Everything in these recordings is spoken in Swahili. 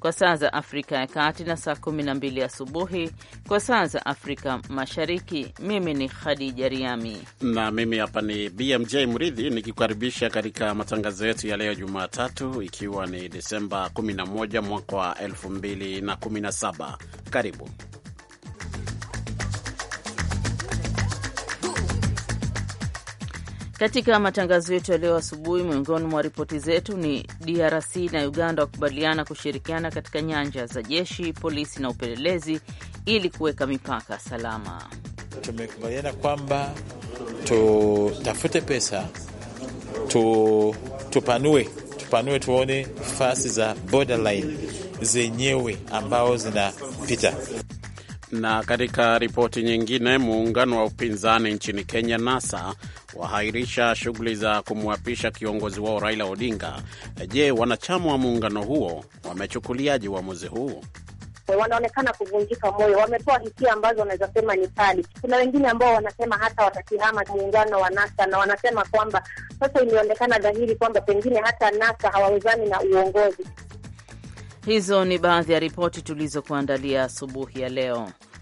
kwa saa za Afrika ya Kati na saa 12 asubuhi kwa saa za Afrika Mashariki. Mimi ni Khadija Riami na mimi hapa ni BMJ Mridhi nikikaribisha katika matangazo yetu ya leo Jumatatu, ikiwa ni Desemba 11 mwaka wa 2017. Karibu Katika matangazo yetu ya leo asubuhi, miongoni mwa ripoti zetu ni DRC na Uganda wakubaliana kushirikiana katika nyanja za jeshi, polisi na upelelezi ili kuweka mipaka salama. Tumekubaliana kwamba tutafute pesa tu, tupanue tupanue, tuone fasi za borderline zenyewe ambao zinapita na katika ripoti nyingine, muungano wa upinzani nchini Kenya NASA wahairisha shughuli za kumwapisha kiongozi wao Raila Odinga. Je, wanachama wa muungano huo wamechukuliaje uamuzi huu? Wanaonekana kuvunjika moyo, wametoa hisia ambazo wanaweza sema ni kali. Kuna wengine ambao wanasema hata watakihama muungano wa NASA na wanasema kwamba sasa imeonekana dhahiri kwamba pengine hata NASA hawawezani na uongozi. Hizo ni baadhi ya ripoti tulizokuandalia asubuhi ya leo.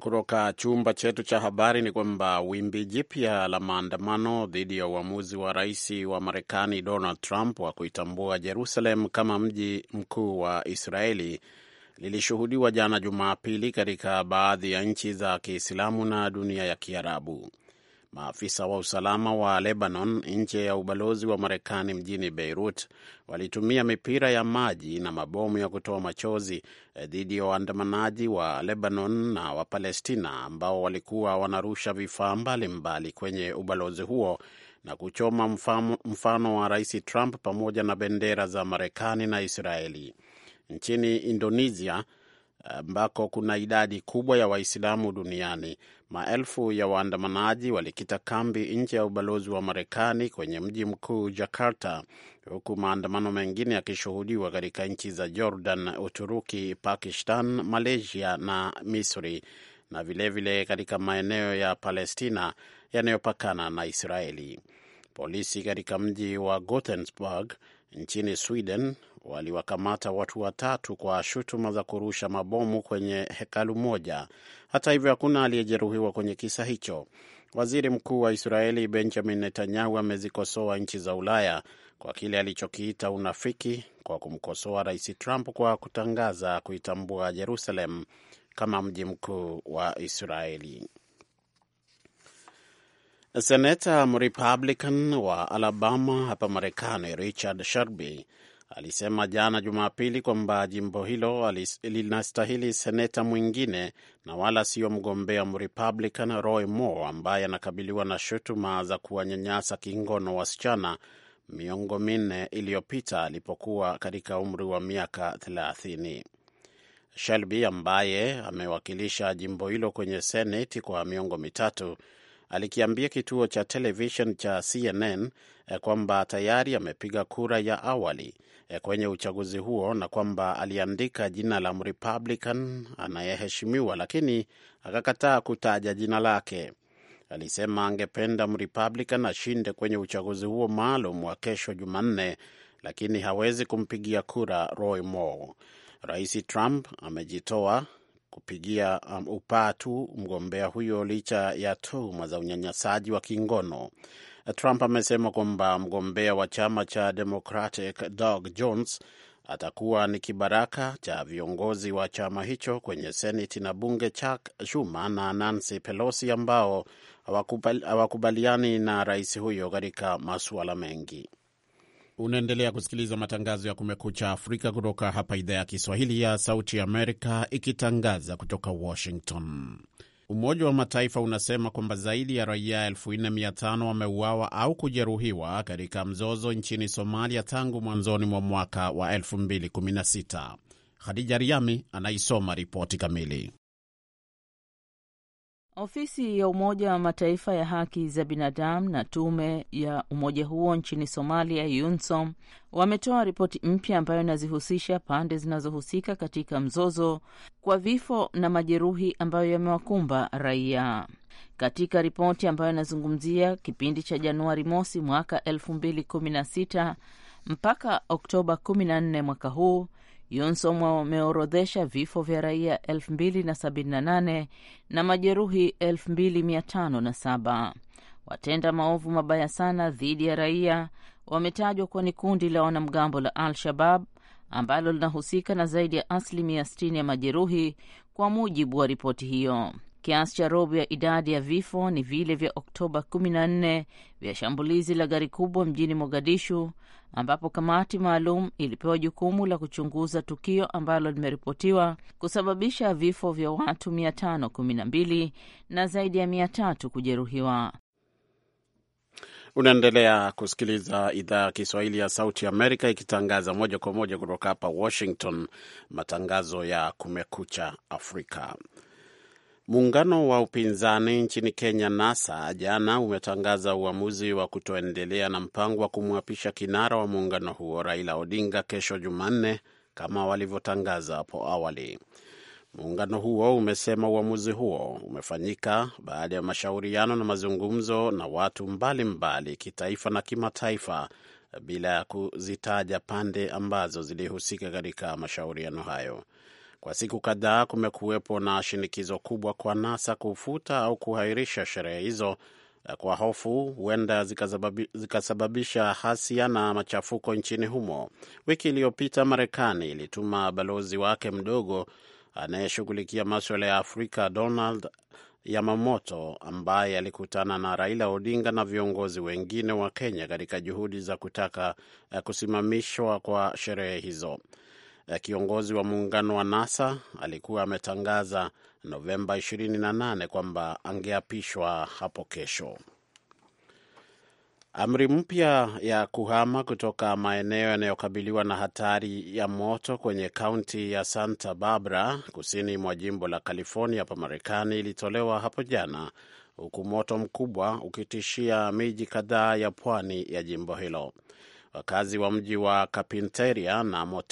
kutoka chumba chetu cha habari ni kwamba wimbi jipya la maandamano dhidi ya uamuzi wa rais wa Marekani Donald Trump wa kuitambua Jerusalem kama mji mkuu wa Israeli lilishuhudiwa jana Jumapili katika baadhi ya nchi za Kiislamu na dunia ya Kiarabu. Maafisa wa usalama wa Lebanon nje ya ubalozi wa Marekani mjini Beirut walitumia mipira ya maji na mabomu ya kutoa machozi eh, dhidi ya waandamanaji wa Lebanon na Wapalestina ambao walikuwa wanarusha vifaa mbalimbali kwenye ubalozi huo na kuchoma mfamo, mfano wa Rais Trump pamoja na bendera za Marekani na Israeli. Nchini Indonesia ambako kuna idadi kubwa ya Waislamu duniani. Maelfu ya waandamanaji walikita kambi nje ya ubalozi wa Marekani kwenye mji mkuu Jakarta, huku maandamano mengine yakishuhudiwa katika nchi za Jordan, Uturuki, Pakistan, Malaysia na Misri, na vilevile katika maeneo ya Palestina yanayopakana na Israeli. Polisi katika mji wa Gothenburg nchini Sweden waliwakamata watu watatu kwa shutuma za kurusha mabomu kwenye hekalu moja. Hata hivyo, hakuna aliyejeruhiwa kwenye kisa hicho. Waziri Mkuu wa Israeli Benjamin Netanyahu amezikosoa nchi za Ulaya kwa kile alichokiita unafiki kwa kumkosoa Rais Trump kwa kutangaza kuitambua Jerusalem kama mji mkuu wa Israeli. Seneta Mrepublican wa Alabama hapa Marekani, Richard Shelby alisema jana Jumapili kwamba jimbo hilo linastahili seneta mwingine na wala siyo mgombea Mrepublican Roy Moore ambaye anakabiliwa na shutuma za kuwanyanyasa kingono wasichana miongo minne iliyopita alipokuwa katika umri wa miaka 30. Shelby ambaye amewakilisha jimbo hilo kwenye seneti kwa miongo mitatu alikiambia kituo cha televishen cha CNN eh, kwamba tayari amepiga kura ya awali eh, kwenye uchaguzi huo na kwamba aliandika jina la Mrepublican anayeheshimiwa, lakini akakataa kutaja jina lake. Alisema angependa Mrepublican ashinde kwenye uchaguzi huo maalum wa kesho Jumanne, lakini hawezi kumpigia kura Roy Moore. Rais Trump amejitoa kupigia um, upatu mgombea huyo licha ya tuhuma za unyanyasaji wa kingono. Trump amesema kwamba mgombea wa chama cha Democratic Doug Jones atakuwa ni kibaraka cha viongozi wa chama hicho kwenye seneti na bunge, Chuck Schumer na Nancy Pelosi ambao hawakubaliani na rais huyo katika masuala mengi. Unaendelea kusikiliza matangazo ya Kumekucha Afrika kutoka hapa idhaa ya Kiswahili ya Sauti ya Amerika, ikitangaza kutoka Washington. Umoja wa Mataifa unasema kwamba zaidi ya raia 4500 wameuawa au kujeruhiwa katika mzozo nchini Somalia tangu mwanzoni mwa mwaka wa 2016. Khadija Riami anaisoma ripoti kamili. Ofisi ya Umoja wa Mataifa ya haki za binadamu na tume ya umoja huo nchini Somalia, YUNSOM, wametoa ripoti mpya ambayo inazihusisha pande zinazohusika katika mzozo kwa vifo na majeruhi ambayo yamewakumba raia. Katika ripoti ambayo inazungumzia kipindi cha Januari mosi mwaka 2016 mpaka Oktoba 14 mwaka huu Yunsom wameorodhesha vifo vya raia 2078 na majeruhi 2507. Watenda maovu mabaya sana dhidi ya raia wametajwa kuwa ni kundi la wanamgambo la Al-Shabab ambalo linahusika na zaidi ya asilimia 60 ya majeruhi, kwa mujibu wa ripoti hiyo. Kiasi cha robo ya idadi ya vifo ni vile vya Oktoba 14 vya shambulizi la gari kubwa mjini Mogadishu ambapo kamati maalum ilipewa jukumu la kuchunguza tukio ambalo limeripotiwa kusababisha vifo vya watu 512 na zaidi ya 300 kujeruhiwa. Unaendelea kusikiliza idhaa ya Kiswahili ya Sauti Amerika ikitangaza moja kwa moja kutoka hapa Washington, matangazo ya Kumekucha Afrika. Muungano wa upinzani nchini Kenya, NASA, jana umetangaza uamuzi wa kutoendelea na mpango wa kumwapisha kinara wa muungano huo Raila Odinga kesho Jumanne kama walivyotangaza hapo awali. Muungano huo umesema uamuzi huo umefanyika baada ya mashauriano na mazungumzo na watu mbalimbali mbali, kitaifa na kimataifa, bila ya kuzitaja pande ambazo zilihusika katika mashauriano hayo. Kwa siku kadhaa kumekuwepo na shinikizo kubwa kwa NASA kufuta au kuhairisha sherehe hizo kwa hofu huenda zikasababisha hasia na machafuko nchini humo. Wiki iliyopita Marekani ilituma balozi wake mdogo anayeshughulikia maswala ya Afrika Donald Yamamoto, ambaye alikutana na Raila Odinga na viongozi wengine wa Kenya katika juhudi za kutaka eh, kusimamishwa kwa sherehe hizo. Eh, kiongozi wa muungano wa NASA alikuwa ametangaza Novemba 28 kwamba angeapishwa hapo kesho. Amri mpya ya kuhama kutoka maeneo yanayokabiliwa na hatari ya moto kwenye kaunti ya Santa Barbara kusini mwa jimbo la California hapa Marekani ilitolewa hapo jana, huku moto mkubwa ukitishia miji kadhaa ya pwani ya jimbo hilo. Wakazi wa mji wa Carpinteria na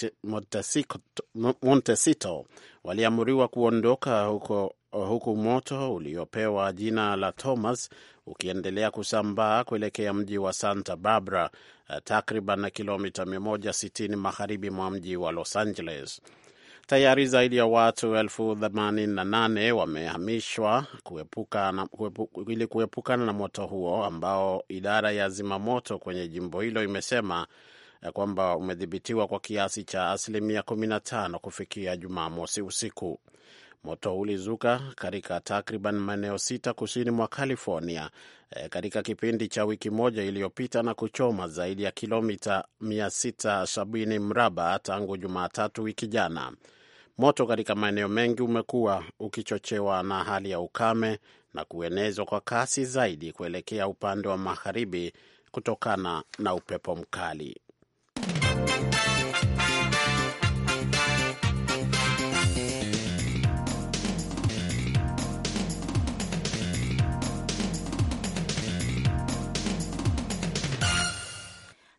Montecito waliamuriwa kuondoka huko, huku moto uliopewa jina la Thomas ukiendelea kusambaa kuelekea mji wa Santa Barbara eh, takriban kilomita 160 magharibi mwa mji wa Los Angeles. Tayari zaidi ya watu elfu themanini na nane wamehamishwa ili kuepukana na moto huo ambao idara ya zimamoto kwenye jimbo hilo imesema kwamba umedhibitiwa kwa kiasi cha asilimia 15 kufikia Jumamosi usiku. Moto ulizuka katika takriban maeneo sita kusini mwa California e, katika kipindi cha wiki moja iliyopita na kuchoma zaidi ya kilomita 670 mraba tangu Jumatatu wiki jana. Moto katika maeneo mengi umekuwa ukichochewa na hali ya ukame na kuenezwa kwa kasi zaidi kuelekea upande wa magharibi kutokana na upepo mkali.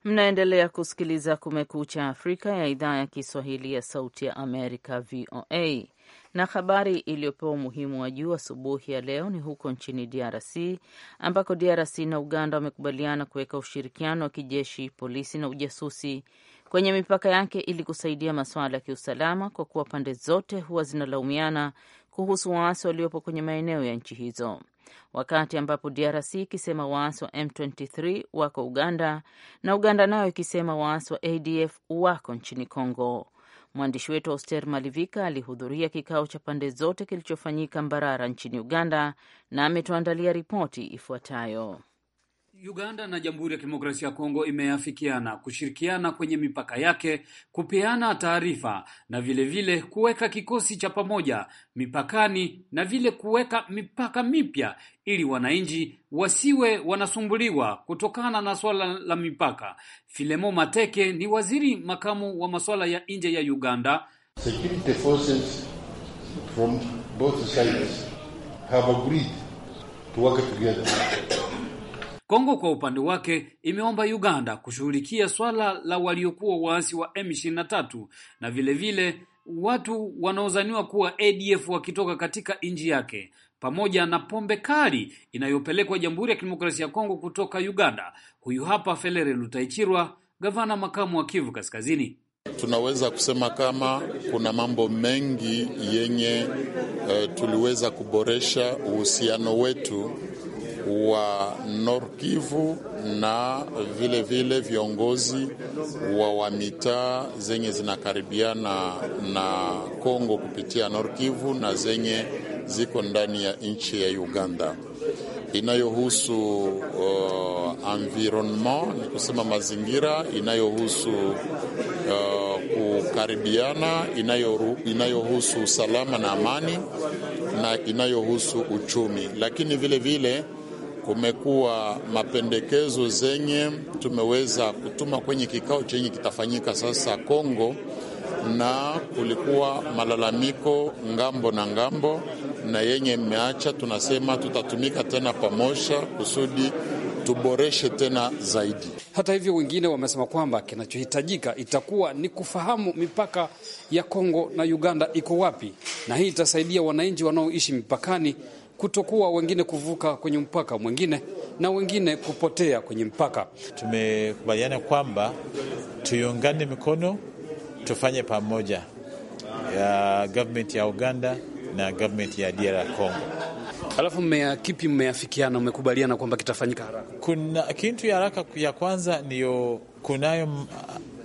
Mnaendelea kusikiliza Kumekucha Afrika ya idhaa ya Kiswahili ya Sauti ya Amerika, VOA. Na habari iliyopewa umuhimu wa juu asubuhi ya leo ni huko nchini DRC ambako DRC na Uganda wamekubaliana kuweka ushirikiano wa kijeshi, polisi na ujasusi kwenye mipaka yake ili kusaidia masuala ya kiusalama, kwa kuwa pande zote huwa zinalaumiana kuhusu waasi waliopo kwenye maeneo ya nchi hizo wakati ambapo DRC ikisema waasi wa M23 wako Uganda na Uganda nayo ikisema waasi wa ADF wako nchini congo Mwandishi wetu Auster Malivika alihudhuria kikao cha pande zote kilichofanyika Mbarara nchini Uganda na ametuandalia ripoti ifuatayo. Uganda na Jamhuri ya Kidemokrasia ya Kongo imeafikiana kushirikiana kwenye mipaka yake, kupeana taarifa na vilevile kuweka kikosi cha pamoja mipakani na vile kuweka mipaka mipya ili wananchi wasiwe wanasumbuliwa kutokana na swala la mipaka. Filemo Mateke ni waziri makamu wa masuala ya nje ya Uganda. Security forces from both sides have agreed to work together Kongo kwa upande wake imeomba Uganda kushughulikia swala la waliokuwa waasi wa M23 na vilevile vile, watu wanaozaniwa kuwa ADF wakitoka katika nchi yake pamoja na pombe kali inayopelekwa Jamhuri ya Kidemokrasia ya Kongo kutoka Uganda. Huyu hapa Felere Lutaichirwa, gavana makamu wa Kivu Kaskazini. Tunaweza kusema kama kuna mambo mengi yenye uh, tuliweza kuboresha uhusiano wetu wa Norkivu na vile vile viongozi wa mitaa zenye zinakaribiana na Kongo kupitia Norkivu na zenye ziko ndani ya nchi ya Uganda inayohusu uh, environment ni kusema mazingira, inayohusu uh, kukaribiana, inayohusu usalama na amani na inayohusu uchumi, lakini vile vile kumekuwa mapendekezo zenye tumeweza kutuma kwenye kikao chenye kitafanyika sasa Kongo, na kulikuwa malalamiko ngambo na ngambo, na yenye imeacha tunasema tutatumika tena pamoja kusudi tuboreshe tena zaidi. Hata hivyo, wengine wamesema kwamba kinachohitajika itakuwa ni kufahamu mipaka ya Kongo na Uganda iko wapi, na hii itasaidia wananchi wanaoishi mipakani kutokuwa wengine kuvuka kwenye mpaka mwingine na wengine kupotea kwenye mpaka. Tumekubaliana kwamba tuiungane mikono, tufanye pamoja ya government ya Uganda na government ya DR Congo. Alafu mmea kipi mmeafikiana, mmekubaliana kwamba kitafanyika haraka? Kuna kitu ya haraka ya kwanza niyo, kunayo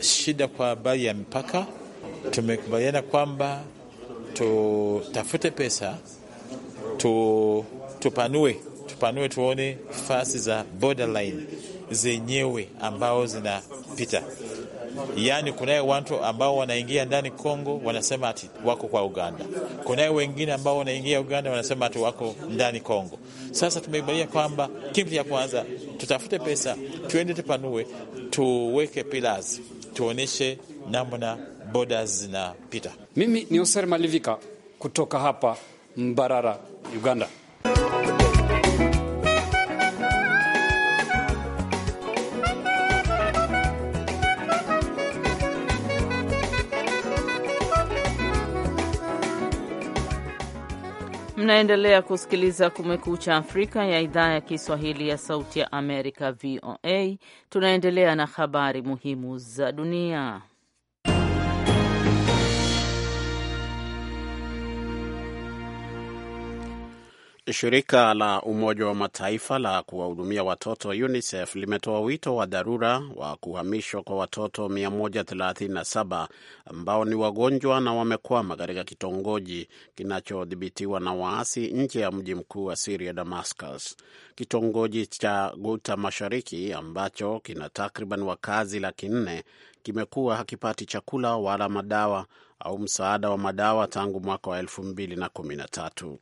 shida kwa habari ya mipaka. Tumekubaliana kwamba tutafute pesa tu, tupanue tupanue tuone fasi za borderline zenyewe ambao zinapita Yaani, kunaye watu ambao wanaingia ndani Kongo wanasema ati wako kwa Uganda, kunaye wengine ambao wanaingia Uganda wanasema ati wako ndani Kongo. Sasa tumeibalia kwamba kitu ya kwanza tutafute pesa, tuende tupanue, tuweke pillars, tuoneshe namna boda zinapita. Mimi ni Oser Malivika kutoka hapa Mbarara. Uganda. Mnaendelea kusikiliza Kumekucha Afrika ya idhaa ya Kiswahili ya Sauti ya Amerika, VOA. Tunaendelea na habari muhimu za dunia. Shirika la Umoja wa Mataifa la kuwahudumia watoto UNICEF limetoa wito wa dharura wa kuhamishwa kwa watoto 137 ambao ni wagonjwa na wamekwama katika kitongoji kinachodhibitiwa na waasi nje ya mji mkuu wa Siria, Damascus. Kitongoji cha Guta Mashariki ambacho kina takriban wakazi laki nne kimekuwa hakipati chakula wala madawa au msaada wa madawa tangu mwaka wa 213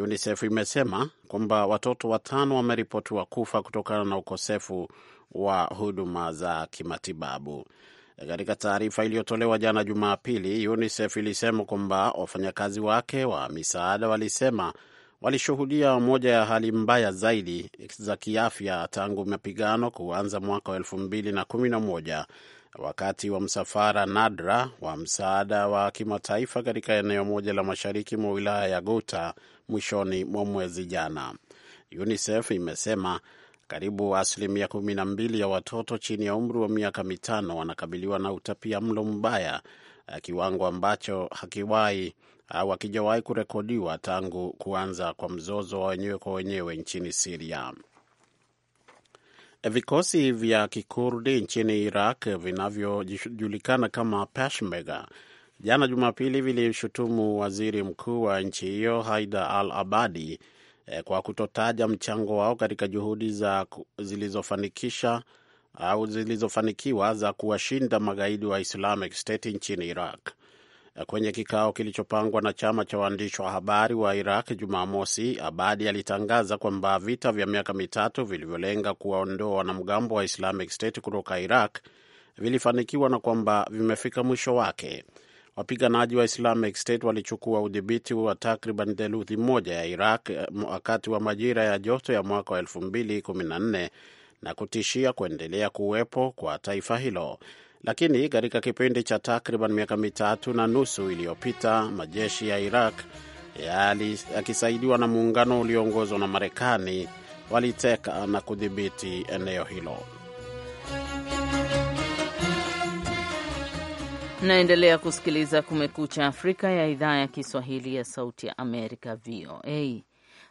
UNICEF imesema kwamba watoto watano wameripotiwa kufa kutokana na ukosefu wa huduma za kimatibabu. Katika taarifa iliyotolewa jana Jumapili, UNICEF ilisema kwamba wafanyakazi wake wa misaada walisema walishuhudia moja ya hali mbaya zaidi za kiafya tangu mapigano kuanza mwaka wa elfu mbili na kumi na moja wakati wa msafara nadra wa msaada wa kimataifa katika eneo moja la mashariki mwa wilaya ya Gota mwishoni mwa mwezi jana. UNICEF imesema karibu asilimia kumi na mbili ya watoto chini ya umri wa miaka mitano wanakabiliwa na utapia mlo mbaya, kiwango ambacho hakiwahi au hakijawahi kurekodiwa tangu kuanza kwa mzozo wa wenyewe kwa wenyewe nchini Siria. Vikosi vya kikurdi nchini Iraq vinavyojulikana kama Peshmerga jana Jumapili vilimshutumu waziri mkuu wa nchi hiyo Haida Al Abadi eh, kwa kutotaja mchango wao katika juhudi za zilizofanikisha au zilizofanikiwa za kuwashinda magaidi wa Islamic State nchini Iraq. Eh, kwenye kikao kilichopangwa na chama cha waandishi wa habari wa Iraq Jumamosi, Abadi alitangaza kwamba vita vya miaka mitatu vilivyolenga kuwaondoa wanamgambo wa Islamic State kutoka Iraq vilifanikiwa na kwamba vimefika mwisho wake. Wapiganaji wa Islamic State walichukua udhibiti wa takriban theluthi moja ya Iraq eh, wakati wa majira ya joto ya mwaka wa 2014 na kutishia kuendelea kuwepo kwa taifa hilo. Lakini katika kipindi cha takriban miaka mitatu na nusu iliyopita, majeshi ya Iraq yakisaidiwa na muungano ulioongozwa na Marekani waliteka na kudhibiti eneo hilo. Mnaendelea kusikiliza Kumekucha Afrika ya idhaa ya Kiswahili ya Sauti ya Amerika, VOA.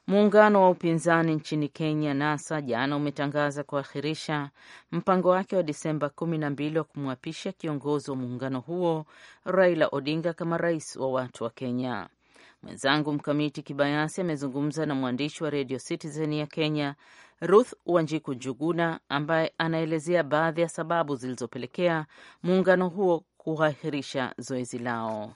Muungano wa upinzani nchini Kenya, NASA, jana umetangaza kuakhirisha mpango wake wa Disemba 12 wa kumwapisha kiongozi wa muungano huo Raila Odinga kama rais wa watu wa Kenya. Mwenzangu Mkamiti Kibayasi amezungumza na mwandishi wa redio Citizen ya Kenya, Ruth Wanjiku Njuguna, ambaye anaelezea baadhi ya sababu zilizopelekea muungano huo kuahirisha zoezi lao.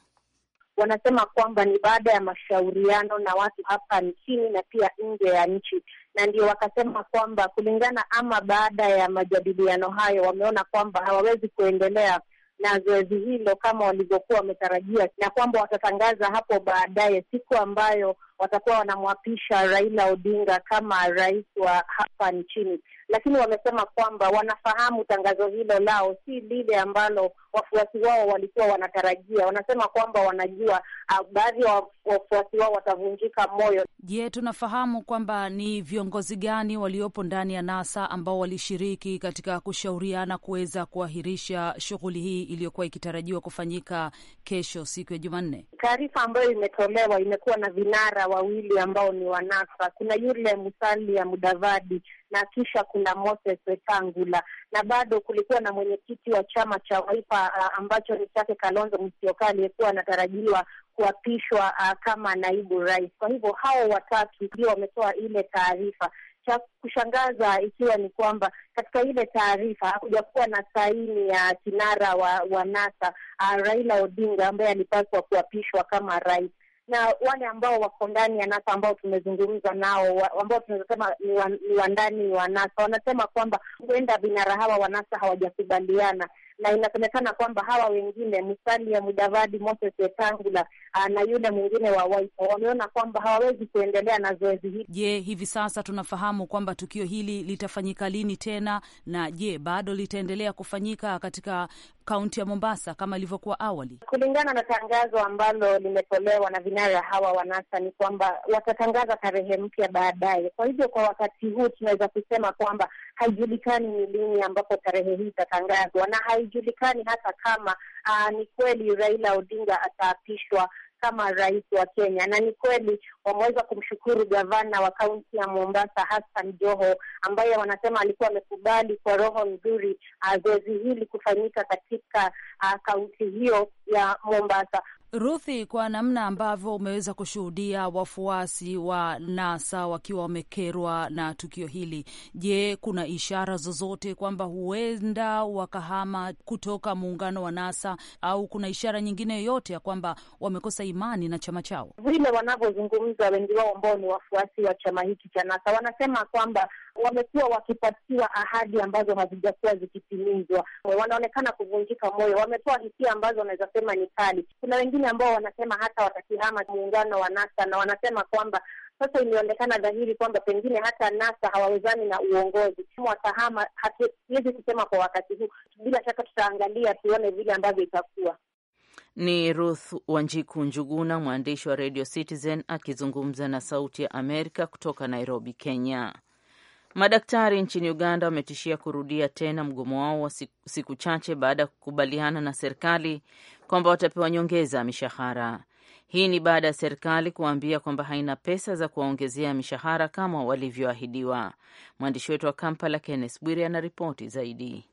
Wanasema kwamba ni baada ya mashauriano na watu hapa nchini na pia nje ya nchi, na ndio wakasema kwamba kulingana ama, baada ya majadiliano hayo, wameona kwamba hawawezi kuendelea na zoezi hilo kama walivyokuwa wametarajia, na kwamba watatangaza hapo baadaye siku ambayo watakuwa wanamwapisha Raila Odinga kama rais wa hapa nchini lakini wamesema kwamba wanafahamu tangazo hilo lao si lile ambalo wafuasi wao walikuwa wanatarajia. Wanasema kwamba wanajua ah, baadhi ya wafuasi wao watavunjika moyo. Je, tunafahamu kwamba ni viongozi gani waliopo ndani ya NASA ambao walishiriki katika kushauriana kuweza kuahirisha shughuli hii iliyokuwa ikitarajiwa kufanyika kesho, siku ya Jumanne? Taarifa ambayo imetolewa imekuwa na vinara wawili ambao ni wa NASA. Kuna yule Musalia Mudavadi na kisha kuna Moses Wetangula, na bado kulikuwa na mwenyekiti wa chama cha waipa ambacho ni chake Kalonzo Musyoka aliyekuwa anatarajiwa kuapishwa kama naibu rais. Kwa hivyo hao watatu ndio wametoa ile taarifa. Cha kushangaza ikiwa ni kwamba katika ile taarifa hakujakuwa na saini ya kinara wa, wa NASA Raila Odinga ambaye alipaswa kuapishwa kama rais na wale ambao wako ndani ya NASA ambao tumezungumza nao, ambao tunazosema ni wandani wa NASA, wanasema kwamba huenda vinara hawa wa NASA hawajakubaliana na inasemekana kwamba hawa wengine Musalia Mudavadi, Moses Wetangula ah, na yule mwingine wa Wiper wameona kwamba hawawezi kuendelea na zoezi hili. Je, hivi sasa tunafahamu kwamba tukio hili litafanyika lini tena, na je bado litaendelea kufanyika katika kaunti ya Mombasa kama ilivyokuwa awali? Kulingana na tangazo ambalo limetolewa na vinara hawa wa NASA ni kwamba watatangaza tarehe mpya baadaye. Kwa hivyo kwa wakati huu tunaweza kusema kwamba haijulikani ni lini ambapo tarehe hii itatangazwa, na haijulikani hata kama aa, ah, ni kweli Raila Odinga ataapishwa kama rais wa Kenya, na ni kweli wameweza kumshukuru gavana wa kaunti ya Mombasa Hassan Joho, ambaye wanasema alikuwa amekubali kwa roho nzuri ah, zoezi hili kufanyika katika ah, kaunti hiyo ya Mombasa. Ruthi, kwa namna ambavyo umeweza kushuhudia wafuasi wa NASA wakiwa wamekerwa na tukio hili, je, kuna ishara zozote kwamba huenda wakahama kutoka muungano wa NASA au kuna ishara nyingine yoyote ya kwamba wamekosa imani na chama chao? Vile wanavyozungumza wengi wao ambao ni wafuasi wa chama hiki cha NASA wanasema kwamba wamekuwa wakipatiwa ahadi ambazo hazijakuwa zikitimizwa, wanaonekana kuvunjika moyo, wametoa hisia ambazo wanaweza sema ni kali. Kuna wengine ambao wanasema hata watakihama muungano wa NASA na wanasema kwamba sasa imeonekana dhahiri kwamba pengine hata NASA hawawezani na uongozi, watahama. Hatuwezi kusema kwa wakati huu, bila shaka tutaangalia tuone vile ambavyo itakuwa. Ni Ruth Wanjiku Njuguna, mwandishi wa Radio Citizen akizungumza na Sauti ya Amerika kutoka Nairobi, Kenya. Madaktari nchini Uganda wametishia kurudia tena mgomo wao wa siku chache baada ya kukubaliana na serikali kwamba watapewa nyongeza ya mishahara. Hii ni baada ya serikali kuwaambia kwamba haina pesa za kuwaongezea mishahara kama walivyoahidiwa. Mwandishi wetu wa Kampala, Kenneth Bwire, ana ripoti zaidi.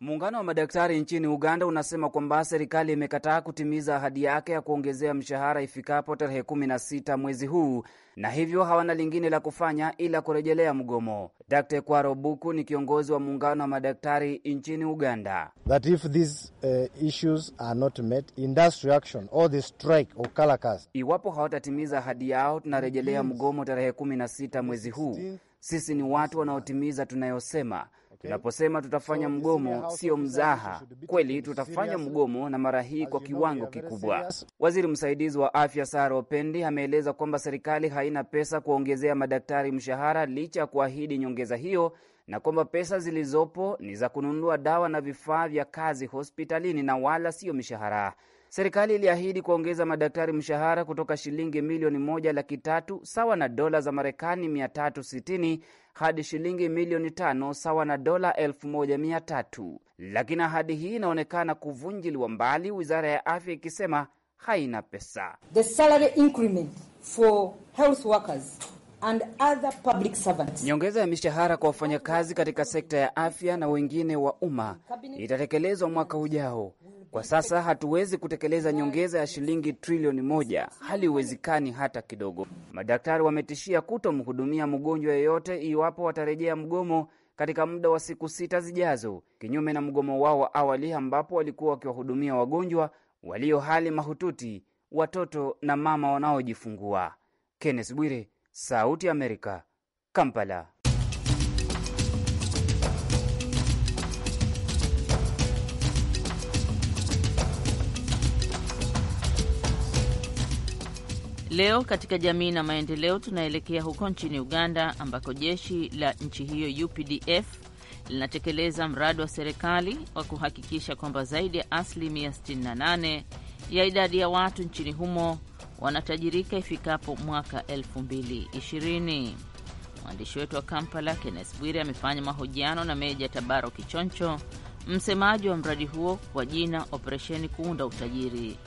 Muungano wa madaktari nchini Uganda unasema kwamba serikali imekataa kutimiza ahadi yake ya kuongezea mshahara ifikapo tarehe 16 mwezi huu na hivyo hawana lingine la kufanya ila kurejelea mgomo. Dkt Kwaro Buku ni kiongozi wa muungano wa madaktari nchini Uganda. That if these, uh, issues are not met, industrial action or the strike or kalakas. Iwapo hawatatimiza ahadi yao tunarejelea mgomo tarehe 16 mwezi huu. Sisi ni watu wanaotimiza tunayosema Tunaposema tutafanya mgomo, sio mzaha. Kweli tutafanya mgomo, na mara hii kwa kiwango kikubwa. Waziri msaidizi wa afya Sara Opendi ameeleza kwamba serikali haina pesa kuongezea madaktari mshahara licha ya kuahidi nyongeza hiyo, na kwamba pesa zilizopo ni za kununua dawa na vifaa vya kazi hospitalini na wala sio mishahara. Serikali iliahidi kuongeza madaktari mshahara kutoka shilingi milioni moja laki tatu sawa na dola za Marekani 360 hadi shilingi milioni tano sawa na dola elfu moja mia tatu, lakini ahadi hii inaonekana kuvunjiliwa mbali, wizara ya afya ikisema haina pesa. The salary increment for health workers and other public servants. Nyongeza ya mishahara kwa wafanyakazi katika sekta ya afya na wengine wa umma itatekelezwa mwaka ujao. Kwa sasa hatuwezi kutekeleza nyongeza ya shilingi trilioni moja, hali uwezikani hata kidogo. Madaktari wametishia kutomhudumia mgonjwa yeyote iwapo watarejea mgomo katika muda wa siku sita zijazo, kinyume na mgomo wao wa awali ambapo walikuwa wakiwahudumia wagonjwa walio hali mahututi, watoto na mama wanaojifungua. Kenneth Bwire, Sauti Amerika, Kampala. Leo katika jamii na maendeleo tunaelekea huko nchini Uganda ambako jeshi la nchi hiyo UPDF linatekeleza mradi wa serikali wa kuhakikisha kwamba zaidi ya asilimia 68 ya idadi ya watu nchini humo wanatajirika ifikapo mwaka 2020. Mwandishi wetu wa Kampala Kennes Bwire amefanya mahojiano na Meja Tabaro Kichoncho, msemaji wa mradi huo kwa jina Operesheni Kuunda Utajiri,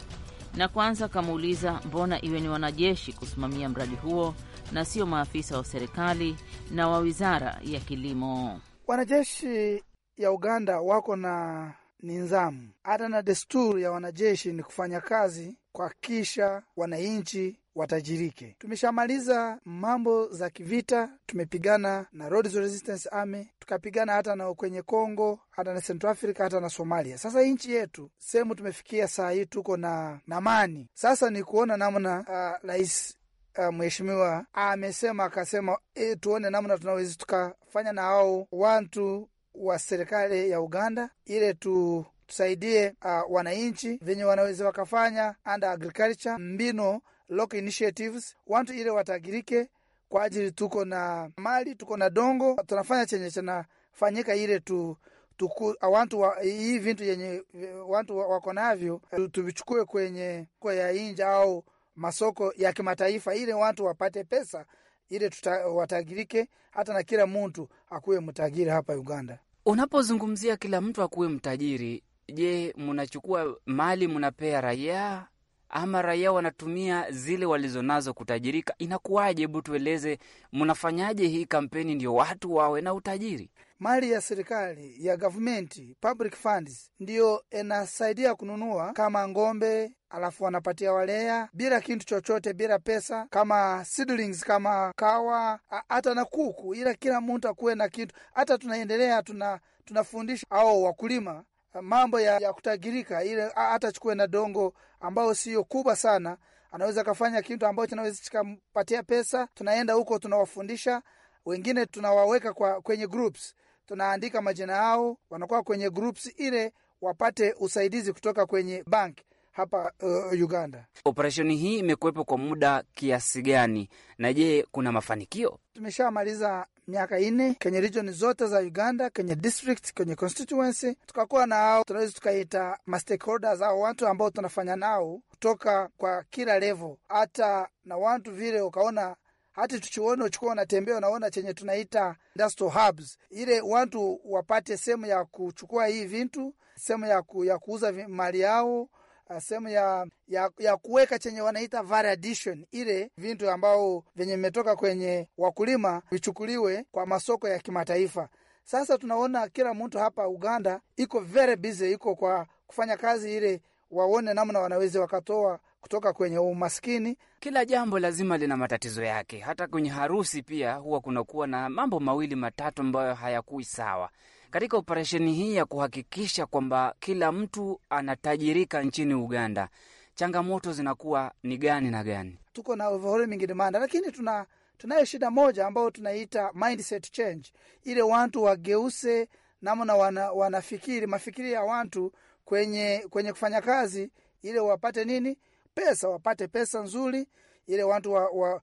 na kwanza akamuuliza mbona iwe ni wanajeshi kusimamia mradi huo na sio maafisa wa serikali na wa wizara ya kilimo. Wanajeshi ya Uganda wako na ninzamu hata na desturi ya wanajeshi ni kufanya kazi kuhakikisha wananchi watajirike. Tumeshamaliza mambo za kivita, tumepigana na Lord's Resistance Army, tukapigana hata na kwenye Congo, hata na Central Africa, hata na Somalia. Sasa nchi yetu sehemu tumefikia saa hii tuko na amani. Sasa ni kuona namna uh, rais uh, mheshimiwa amesema akasema, e, tuone namna tunaweza tukafanya na hao wantu wa serikali ya Uganda ile tu tusaidie uh, wananchi venye wanaweza wakafanya under agriculture mbino local initiatives, wantu ile watagirike kwa ajili tuko na mali, tuko na dongo, tunafanya chenye chanafanyika ile tu tuku, uh, wantu wa, hii vintu yenye wantu wako navyo tuvichukue kwenye kwa ya inja au masoko ya kimataifa, ile wantu wapate pesa ile watagirike hata na kila mtu akuwe mtajiri hapa Uganda. Unapozungumzia kila mtu akuwe mtajiri, Je, mnachukua mali mnapea raia ama raia wanatumia zile walizonazo kutajirika? Inakuwaje? Hebu tueleze, mnafanyaje hii kampeni ndio watu wawe na utajiri? Mali ya serikali ya gavumenti, public funds, ndiyo inasaidia kununua kama ng'ombe, alafu wanapatia walea bila kitu chochote, bila pesa, kama seedlings, kama kawa, hata na kuku, ila kila mtu akuwe na kitu. Hata tunaendelea tuna tunafundisha au wakulima mambo ya, ya kutagirika ile hata chukue na dongo ambayo sio kubwa sana, anaweza akafanya kitu ambacho kinaweza chikampatia pesa. Tunaenda huko tunawafundisha wengine, tunawaweka kwa kwenye groups, tunaandika majina yao, wanakuwa kwenye groups ile wapate usaidizi kutoka kwenye bank hapa uh, Uganda. Operesheni hii imekuwepo kwa muda kiasi gani, na je, kuna mafanikio? Tumeshamaliza miaka nne kwenye region zote za Uganda, kwenye district, kwenye constituency. Tukakuwa na hao tunaweza tukaita mastakeholders au watu ambao tunafanya nao kutoka kwa kila level, hata na watu vile ukaona hata tuchione uchukua unatembea unaona chenye tunaita industrial hubs, ile watu wapate sehemu ya kuchukua hii vintu, sehemu ya, ku, ya kuuza mali yao Uh, sehemu ya, ya, ya kuweka chenye wanaita variation, ile vintu ambao venye vimetoka kwenye wakulima vichukuliwe kwa masoko ya kimataifa. Sasa tunaona kila mtu hapa Uganda iko very busy, iko kwa kufanya kazi ile waone namna wanaweza wakatoa kutoka kwenye umaskini. Kila jambo lazima lina matatizo yake. Hata kwenye harusi pia huwa kunakuwa na mambo mawili matatu ambayo hayakui sawa katika operesheni hii ya kuhakikisha kwamba kila mtu anatajirika nchini Uganda, changamoto zinakuwa ni gani na gani? Tuko na overwhelming demand, lakini tuna tunayo shida moja ambayo tunaita mindset change, ile watu wageuse namna wana, wanafikiri mafikiri ya watu kwenye, kwenye kufanya kazi, ile wapate nini, pesa, wapate pesa nzuri, ile watu wa, wa,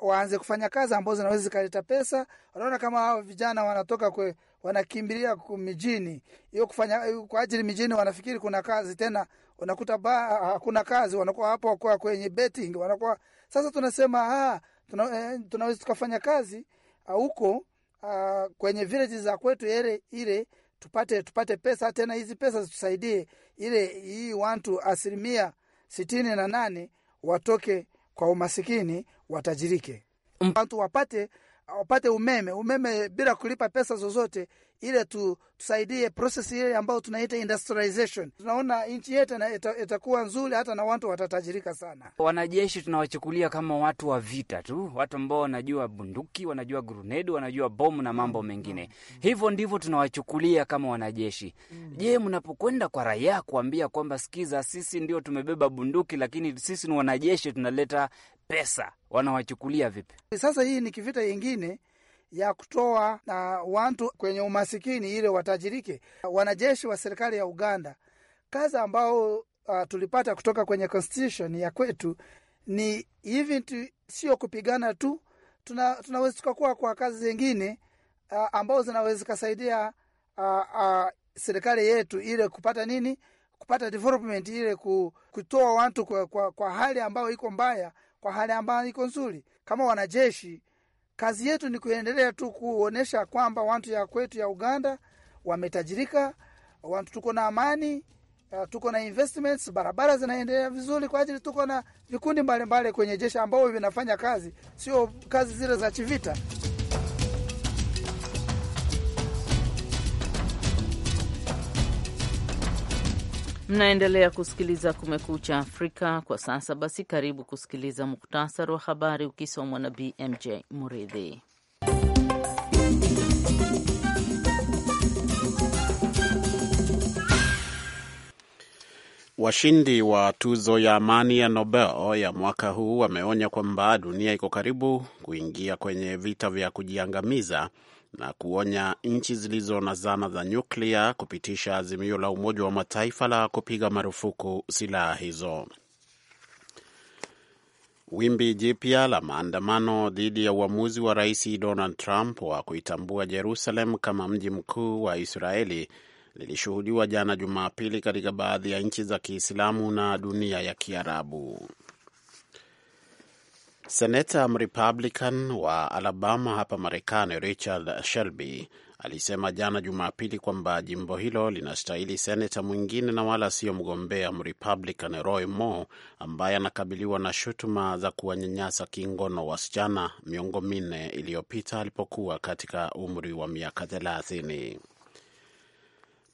waanze wa, kufanya kazi ambazo zinaweza zikaleta pesa. Wanaona kama hao vijana wanatoka kwe, wanakimbilia mijini hiyo kufanya kwa ajili mijini, wanafikiri kuna kazi tena, unakuta ba hakuna kazi, wanakuwa hapo kwa kwenye betting wanakuwa sasa. Tunasema ah, tuna, eh, tunaweza tukafanya kazi ah, huko ah, kwenye villages za kwetu ile ile tupate tupate pesa tena, hizi pesa zitusaidie ile hii watu asilimia sitini na nane watoke kwa umasikini watajirike, mm. watu wapate, wapate umeme umeme bila kulipa pesa zozote ile tu, tusaidie process ile ambayo tunaita industrialization. Tunaona nchi yetu itakuwa nzuri, hata na watu watatajirika sana. Wanajeshi tunawachukulia kama watu wa vita tu, watu ambao wanajua bunduki, wanajua grunedi, wanajua bomu na mambo mengine mm -hmm. Hivyo ndivyo tunawachukulia kama wanajeshi mm -hmm. Je, mnapokwenda kwa raia kuambia kwamba sikiza, sisi ndio tumebeba bunduki, lakini sisi ni wanajeshi tunaleta pesa, wanawachukulia vipi? Sasa hii ni kivita yingine ya kutoa na watu kwenye umasikini ili watajirike. Wanajeshi wa serikali ya Uganda, kazi ambao uh, tulipata kutoka kwenye constitution ya kwetu ni hivi, sio kupigana tu, tunaweza tuna tukakuwa kwa kazi zingine uh, ambao zinaweza zikasaidia uh, uh, serikali yetu ile kupata nini, kupata development ile kutoa watu kwa, kwa, kwa hali ambayo iko mbaya kwa hali ambayo iko nzuri. Kama wanajeshi Kazi yetu ni kuendelea tu kuonyesha kwamba wantu ya kwetu ya Uganda wametajirika, wantu tuko na amani, eh, tuko na investments, barabara zinaendelea vizuri kwa ajili tuko na vikundi mbalimbali kwenye jeshi ambao vinafanya kazi, sio kazi zile za chivita. Mnaendelea kusikiliza Kumekucha Afrika kwa sasa. Basi karibu kusikiliza muktasari wa habari ukisomwa na BMJ Muridhi. Washindi wa tuzo ya amani ya Nobel ya mwaka huu wameonya kwamba dunia iko karibu kuingia kwenye vita vya kujiangamiza na kuonya nchi zilizo na zana za nyuklia kupitisha azimio la Umoja wa Mataifa la kupiga marufuku silaha hizo. Wimbi jipya la maandamano dhidi ya uamuzi wa Rais Donald Trump wa kuitambua Jerusalem kama mji mkuu wa Israeli lilishuhudiwa jana Jumapili katika baadhi ya nchi za Kiislamu na dunia ya Kiarabu. Seneta Mrepublican wa Alabama hapa Marekani, Richard Shelby alisema jana Jumapili kwamba jimbo hilo linastahili seneta mwingine na wala sio mgombea Mrepublican Roy Moore ambaye anakabiliwa na shutuma za kuwanyanyasa kingono wasichana miongo minne iliyopita alipokuwa katika umri wa miaka thelathini.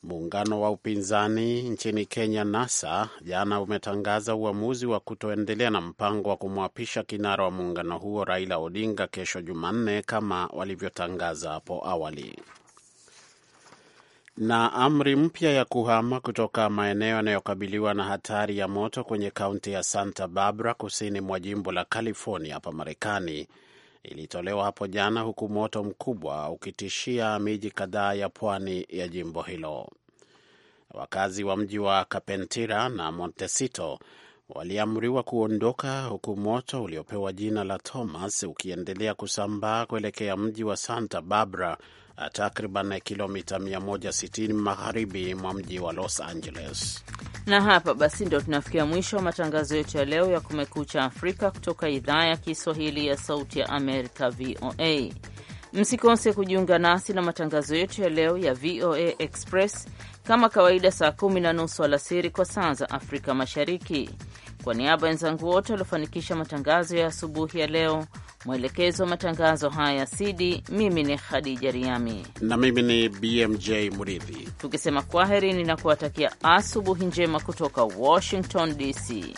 Muungano wa upinzani nchini Kenya, NASA, jana umetangaza uamuzi wa kutoendelea na mpango wa kumwapisha kinara wa muungano huo Raila Odinga kesho Jumanne kama walivyotangaza hapo awali. Na amri mpya ya kuhama kutoka maeneo yanayokabiliwa na hatari ya moto kwenye kaunti ya Santa Barbara kusini mwa jimbo la California hapa Marekani ilitolewa hapo jana, huku moto mkubwa ukitishia miji kadhaa ya pwani ya jimbo hilo. Wakazi wa mji wa Kapentira na Montecito waliamriwa kuondoka huku moto uliopewa jina la Thomas ukiendelea kusambaa kuelekea mji wa Santa Barbara takriban kilomita 160 magharibi mwa mji wa Los Angeles. Na hapa basi ndio tunafikia mwisho wa matangazo yetu ya leo ya Kumekucha Afrika kutoka idhaa ya Kiswahili ya Sauti ya Amerika, VOA. Msikose kujiunga nasi na matangazo yetu ya leo ya VOA Express kama kawaida, saa kumi na nusu alasiri kwa saa za Afrika Mashariki. Kwa niaba ya wenzangu wote waliofanikisha matangazo ya asubuhi ya leo, mwelekezi wa matangazo haya Sidi, mimi ni Khadija Riami na mimi ni BMJ Muridhi, tukisema kwaherini na kuwatakia asubuhi njema kutoka Washington DC.